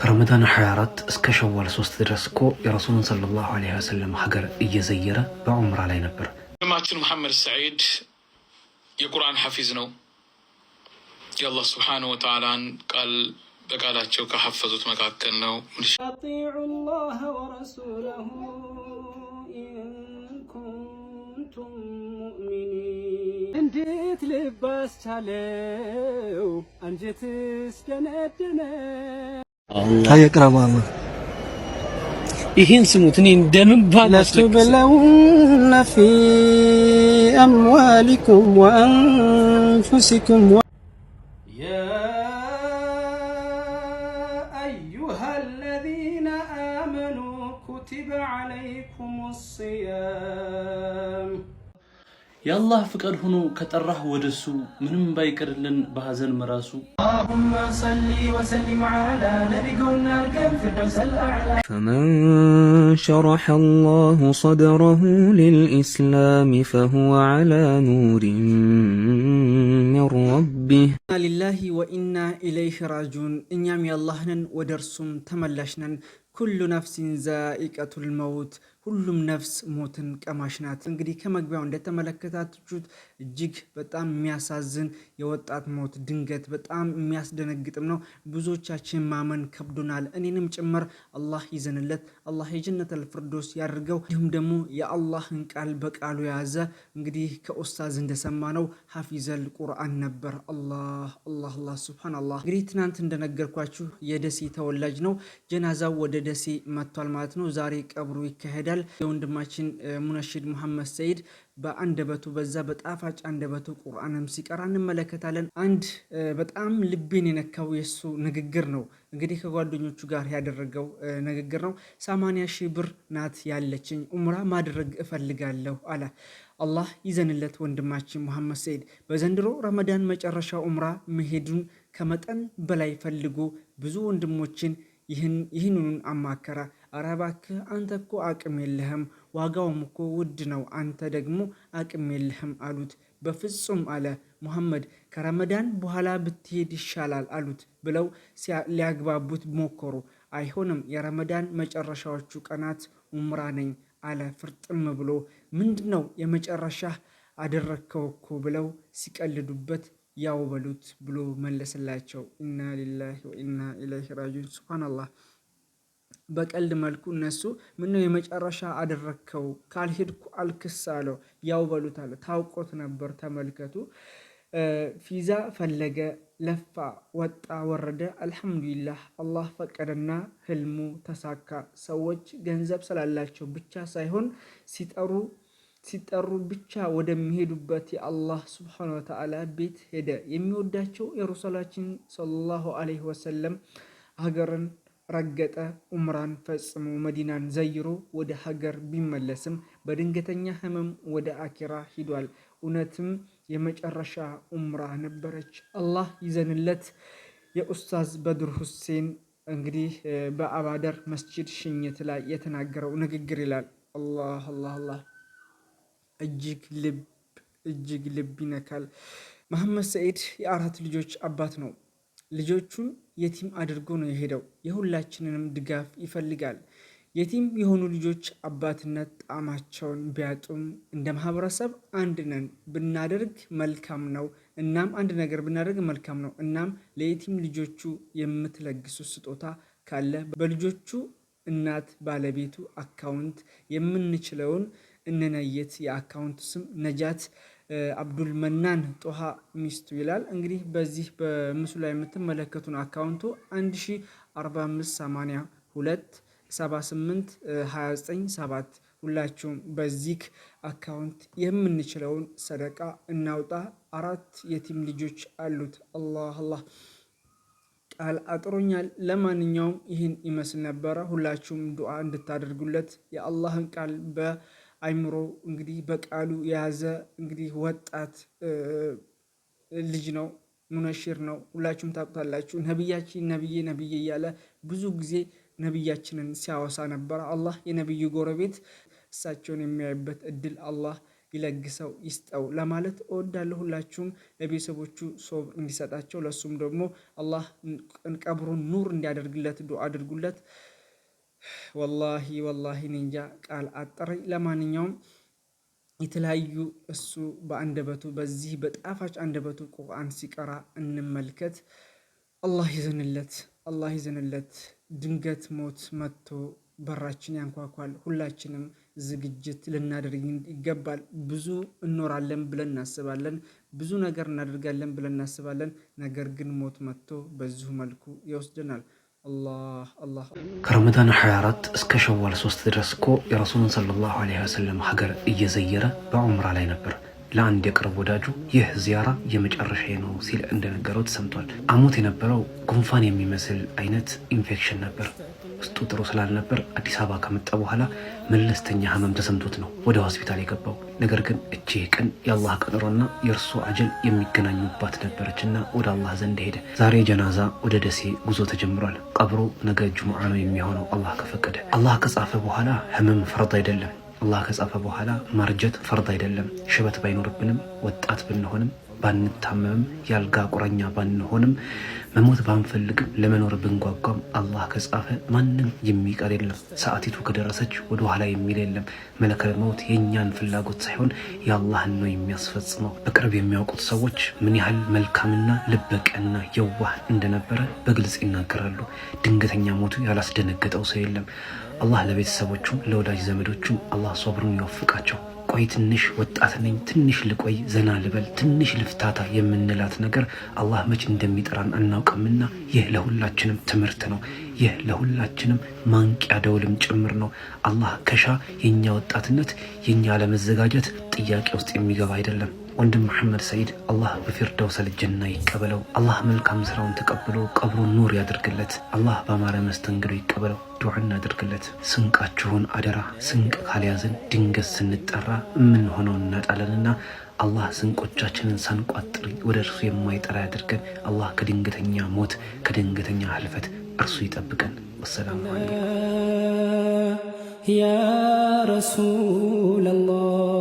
ከረመዳን 24 እስከ ሸዋል 3 ድረስ እኮ የረሱሉን ሰለላሁ ዐለይሂ ወሰለም ሀገር እየዘየረ በዑምራ ላይ ነበር። ወንድማችን መሐመድ ሰዒድ የቁርአን ሐፊዝ ነው። የአላህ ስብሓነሁ ወተዓላን ቃል በቃላቸው ከሐፈዙት መካከል ነው። አጢዑ እንዴት ልባስ ቻለው አንጀትስ ደነደነ። ታየቅራማማ ይህን ስሙት። እኔ እንደምን አምዋሊኩም ወአንፉሲኩም የአላህ ፍቃድ ሆኖ ከጠራህ ወደሱ ምንም ባይቀርልን በሐዘን መራሱ። ፈመን ሸረሐ አላሁ ሰድረሁ ሊልኢስላም ፈሁወ ዐላ ኑሪን ሚን ረቢህ ኢና ሊላሂ ወኢና ኢለይህ ራጂዑን። እኛም የአላህ ነን ወደ እርሱም ተመላሽ ነን። ኩሉ ነፍሲን ዛኢቀቱል መውት ሁሉም ነፍስ ሞትን ቀማሽ ናት። እንግዲህ ከመግቢያው እንደተመለከታችሁት እጅግ በጣም የሚያሳዝን የወጣት ሞት ድንገት በጣም የሚያስደነግጥም ነው። ብዙዎቻችን ማመን ከብዶናል። እኔንም ጭምር አላህ ይዘንለት፣ አላህ የጀነት አልፍርዶስ ያድርገው። እንዲሁም ደግሞ የአላህን ቃል በቃሉ የያዘ እንግዲህ ከኡስታዝ እንደሰማ ነው ሀፊዘል ቁርአን ነበር። አላህ አላህ አላህ ሱብሃነላህ። እንግዲህ ትናንት እንደነገርኳችሁ የደሴ ተወላጅ ነው። ጀናዛው ወደ ደሴ መጥቷል ማለት ነው። ዛሬ ቀብሩ ይካሄዳል። የወንድማችን ሙነሽድ ሙሐመድ ሰይድ በአንደበቱ በዛ በጣፋጭ አንደበቱ ቁርአንም ሲቀራ እንመለከታለን። አንድ በጣም ልቤን የነካው የእሱ ንግግር ነው እንግዲህ ከጓደኞቹ ጋር ያደረገው ንግግር ነው። ሰማንያ ሺህ ብር ናት ያለችኝ ኡምራ ማድረግ እፈልጋለሁ አለ። አላህ ይዘንለት ወንድማችን ሙሐመድ ሰይድ በዘንድሮ ረመዳን መጨረሻ ኡምራ መሄዱን ከመጠን በላይ ፈልጎ ብዙ ወንድሞችን ይህንኑን አማከራ። አረ እባክህ አንተ እኮ አቅም የለህም ዋጋውም እኮ ውድ ነው፣ አንተ ደግሞ አቅም የለህም አሉት። በፍጹም አለ ሙሐመድ። ከረመዳን በኋላ ብትሄድ ይሻላል አሉት ብለው ሊያግባቡት ሞከሩ። አይሆንም፣ የረመዳን መጨረሻዎቹ ቀናት ኡምራ ነኝ አለ ፍርጥም ብሎ። ምንድን ነው የመጨረሻ አደረግከው እኮ ብለው ሲቀልዱበት ያው በሉት ብሎ መለስላቸው። ኢና ሊላሂ ወኢና ኢለይሂ ራጂዑን። ሱብሃነላህ በቀልድ መልኩ እነሱ ምነው የመጨረሻ አደረግከው ካልሄድኩ አልክስ አለው። ያው በሉታል ታውቆት ነበር። ተመልከቱ። ፊዛ ፈለገ፣ ለፋ፣ ወጣ፣ ወረደ። አልሐምዱሊላህ አላህ ፈቀደና ህልሙ ተሳካ። ሰዎች ገንዘብ ስላላቸው ብቻ ሳይሆን ሲጠሩ ሲጠሩ ብቻ ወደሚሄዱበት የአላህ ስብሓነ ወተዓላ ቤት ሄደ። የሚወዳቸው የረሱላችን ሰለላሁ አለይሂ ወሰለም ሀገርን ረገጠ። ዑምራን ፈጽሞ መዲናን ዘይሮ ወደ ሀገር ቢመለስም በድንገተኛ ህመም ወደ አኪራ ሂዷል። እውነትም የመጨረሻ ኡምራ ነበረች። አላህ ይዘንለት። የኡስታዝ በድር ሁሴን እንግዲህ በአባደር መስጂድ ሽኝት ላይ የተናገረው ንግግር ይላል። አላህ አላህ አላህ እጅግ ልብ እጅግ ልብ ይነካል። መሐመድ ሰኢድ የአራት ልጆች አባት ነው። ልጆቹን የቲም አድርጎ ነው የሄደው። የሁላችንንም ድጋፍ ይፈልጋል። የቲም የሆኑ ልጆች አባትነት ጣዕማቸውን ቢያጡም እንደ ማህበረሰብ አንድ ነን ብናደርግ መልካም ነው። እናም አንድ ነገር ብናደርግ መልካም ነው። እናም ለየቲም ልጆቹ የምትለግሱ ስጦታ ካለ በልጆቹ እናት ባለቤቱ አካውንት የምንችለውን እንነየት። የአካውንት ስም ነጃት አብዱል መናን ጦሃ ሚስቱ ይላል። እንግዲህ በዚህ በምስሉ ላይ የምትመለከቱን አካውንቱ 1458 29 ሁላችሁም በዚህ አካውንት የምንችለውን ሰደቃ እናውጣ። አራት የቲም ልጆች አሉት። አላህ አላህ ቃል አጥሮኛል። ለማንኛውም ይህን ይመስል ነበረ። ሁላችሁም ዱዓ እንድታደርጉለት የአላህን ቃል በ አይምሮ እንግዲህ በቃሉ የያዘ እንግዲህ ወጣት ልጅ ነው። ሙነሽር ነው። ሁላችሁም ታውቁታላችሁ። ነብያችን ነብዬ ነብዬ እያለ ብዙ ጊዜ ነቢያችንን ሲያወሳ ነበረ። አላህ የነብዩ ጎረቤት እሳቸውን የሚያይበት እድል አላህ ይለግሰው ይስጠው ለማለት እወዳለሁ። ሁላችሁም ለቤተሰቦቹ ሶብ እንዲሰጣቸው ለእሱም ደግሞ አላህ ቀብሩን ኑር እንዲያደርግለት ዱዓ አድርጉለት። ወላሂ ወላሂ እንጃ ቃል አጠረኝ። ለማንኛውም የተለያዩ እሱ በአንደበቱ በዚህ በጣፋጭ አንደበቱ ቁርአን ሲቀራ እንመልከት። አላህ ይዘንለት፣ አላህ ይዘንለት። ድንገት ሞት መጥቶ በራችን ያንኳኳል። ሁላችንም ዝግጅት ልናደርግ ይገባል። ብዙ እኖራለን ብለን እናስባለን፣ ብዙ ነገር እናደርጋለን ብለን እናስባለን። ነገር ግን ሞት መጥቶ በዚሁ መልኩ ይወስደናል። ከረመዳን 24 እስከ ሸዋል 3 ድረስ እኮ የረሱሉን ሰለላሁ ዐለይሂ ወሰለም ሀገር እየዘየረ በዑምራ ላይ ነበር። ለአንድ የቅርብ ወዳጁ ይህ ዚያራ የመጨረሻዬ ነው ሲል እንደነገረው ተሰምቷል። አሞት የነበረው ጉንፋን የሚመስል አይነት ኢንፌክሽን ነበር። ውስጡ ጥሩ ስላልነበር አዲስ አበባ ከመጣ በኋላ መለስተኛ ህመም ተሰምቶት ነው ወደ ሆስፒታል የገባው። ነገር ግን እቺ ቀን የአላህ ቀጠሮና የእርሶ አጀል የሚገናኙባት ነበረችና ወደ አላህ ዘንድ ሄደ። ዛሬ ጀናዛ ወደ ደሴ ጉዞ ተጀምሯል። ቀብሮ ነገ ጅሙዓ ነው የሚሆነው አላህ ከፈቀደ። አላህ ከጻፈ በኋላ ህመም ፍረት አይደለም አላህ ከጻፈ በኋላ ማርጀት ፈርድ አይደለም። ሽበት ባይኖርብንም፣ ወጣት ብንሆንም፣ ባንታመምም፣ ያልጋ ቁረኛ ባንሆንም፣ መሞት ባንፈልግም፣ ለመኖር ብንጓጓም አላህ ከጻፈ ማንም የሚቀር የለም። ሰዓቲቱ ከደረሰች ወደ ኋላ የሚል የለም። መለከል መውት የእኛን ፍላጎት ሳይሆን የአላህን ነው የሚያስፈጽመው። በቅርብ የሚያውቁት ሰዎች ምን ያህል መልካምና ልበቀና የዋህ እንደነበረ በግልጽ ይናገራሉ። ድንገተኛ ሞቱ ያላስደነገጠው ሰው የለም። አላህ ለቤተሰቦቹም ለወዳጅ ዘመዶቹም አላህ ሶብሩን ይወፍቃቸው። ቆይ ትንሽ ወጣት ነኝ፣ ትንሽ ልቆይ፣ ዘና ልበል፣ ትንሽ ልፍታታ የምንላት ነገር አላህ መች እንደሚጠራን አናውቅምና ይህ ለሁላችንም ትምህርት ነው። ይህ ለሁላችንም ማንቂያ ደውልም ጭምር ነው። አላህ ከሻ የእኛ ወጣትነት የእኛ ለመዘጋጀት ጥያቄ ውስጥ የሚገባ አይደለም። ወንድም መሐመድ ሰይድ አላህ በፊርደውስ አልጀና ይቀበለው። አላህ መልካም ስራውን ተቀብሎ ቀብሩን ኑር ያድርግለት። አላህ በአማረ መስተንግዶ ይቀበለው። ዱዓ እናድርግለት። ስንቃችሁን አደራ። ስንቅ ካልያዝን ድንገት ስንጠራ የምንሆነው እናጣለንና አላህ ስንቆቻችንን ሳንቋጥር ወደ እርሱ የማይጠራ ያድርገን። አላህ ከድንገተኛ ሞት ከድንገተኛ ህልፈት እርሱ ይጠብቀን። ወሰላሙ አለይኩም ያ ረሱለላህ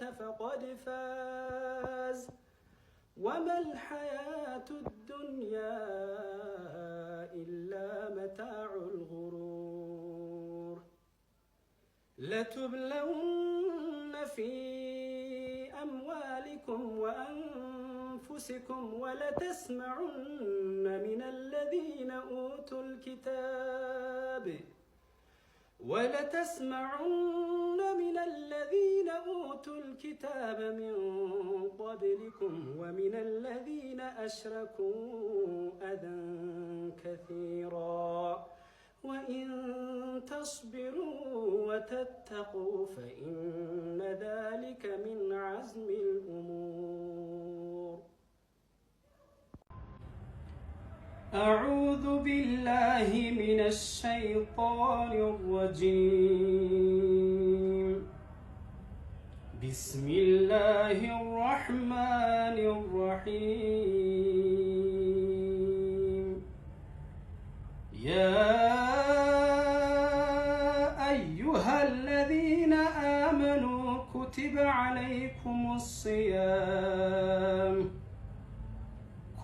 فقد فاز وما الحياة الدنيا إلا متاع الغرور لتبلون في أموالكم وأنفسكم ولتسمعن من الذين أوتوا الكتاب ولتسمعن من الذين أوتوا الكتاب من قبلكم ومن الذين أشركوا أذى كثيرا وإن تصبروا وتتقوا فإن ذلك من عزم الأمور أعوذ بالله من الشيطان الرجيم بسم الله الرحمن الرحيم يا أيها الذين آمنوا كتب عليكم الصيام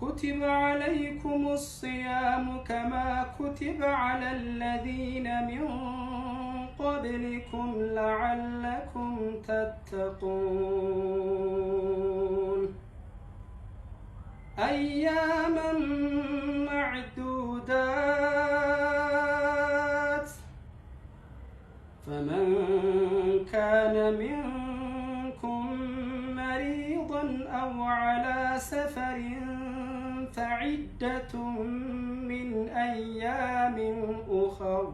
كتب عليكم الصيام كما كتب على الذين من قبلكم لعلكم تتقون أياما معدودات فمن كان منكم مريضا أو على سفر فعدة من أيام أخر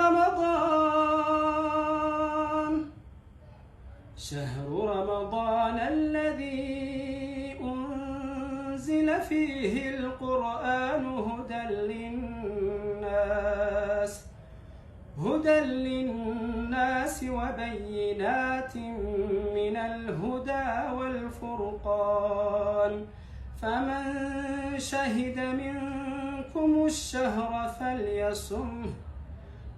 شهر رمضان الذي أنزل فيه القرآن هدى للناس هدى للناس وبينات من الهدى والفرقان فمن شهد منكم الشهر فليصمه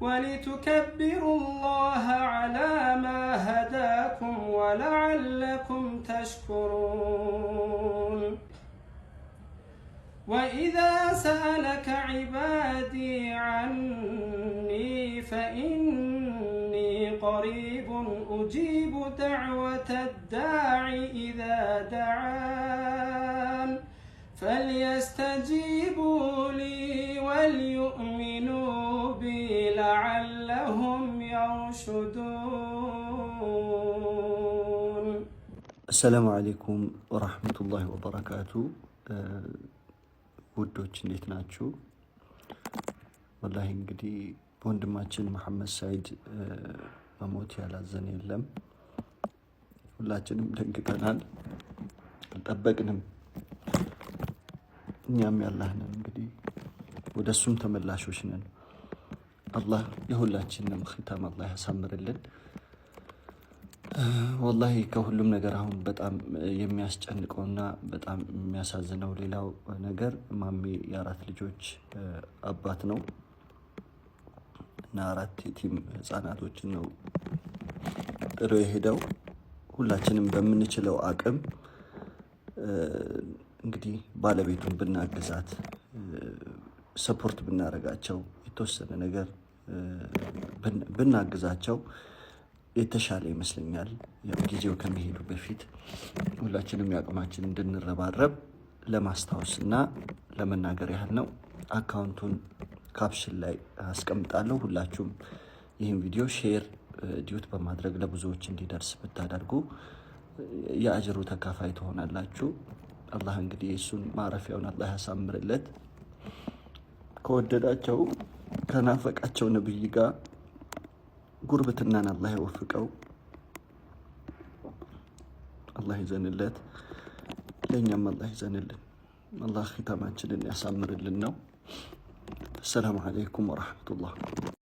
ولتكبروا الله على ما هداكم ولعلكم تشكرون وإذا سألك عبادي عني فإني قريب أجيب دعوة الداع إذا دعان فليستجيبوا لي አሰላሙ አሌይኩም ወራህመቱላሂ ወበረካቱ። ውዶች እንዴት ናችሁ? ወላሂ እንግዲህ በወንድማችን መሐመድ ሰዒድ መሞት ያላዘን የለም። ሁላችንም ደንግጠናል፣ አልጠበቅንም። እኛም ያላህንን እንግዲህ ወደ እሱም ተመላሾች ነን። አላህ የሁላችንም ኺታም አላህ ያሳምርልን። ወላሂ ከሁሉም ነገር አሁን በጣም የሚያስጨንቀውና በጣም የሚያሳዝነው ሌላው ነገር ማሜ የአራት ልጆች አባት ነው እና አራት የቲም ህጻናቶችን ነው ጥሎ የሄደው። ሁላችንም በምንችለው አቅም እንግዲህ ባለቤቱን ብናግዛት ሰፖርት ብናደርጋቸው የተወሰነ ነገር ብናግዛቸው የተሻለ ይመስለኛል። ያው ጊዜው ከመሄዱ በፊት ሁላችንም የአቅማችን እንድንረባረብ ለማስታወስ እና ለመናገር ያህል ነው። አካውንቱን ካፕሽን ላይ አስቀምጣለሁ። ሁላችሁም ይህን ቪዲዮ ሼር ዲዩት በማድረግ ለብዙዎች እንዲደርስ ብታደርጉ የአጅሩ ተካፋይ ትሆናላችሁ። አላህ እንግዲህ እሱን ማረፊያውን አላህ ያሳምርለት። ከወደዳቸው ከናፈቃቸው ነብይ ጋር ጉርብትናን አላህ ይወፍቀው፣ አላህ ይዘንለት፣ ለእኛም አላህ ይዘንልን፣ አላህ ሂታማችንን ያሳምርልን ነው። አሰላሙ አለይኩም ወረሕመቱላህ።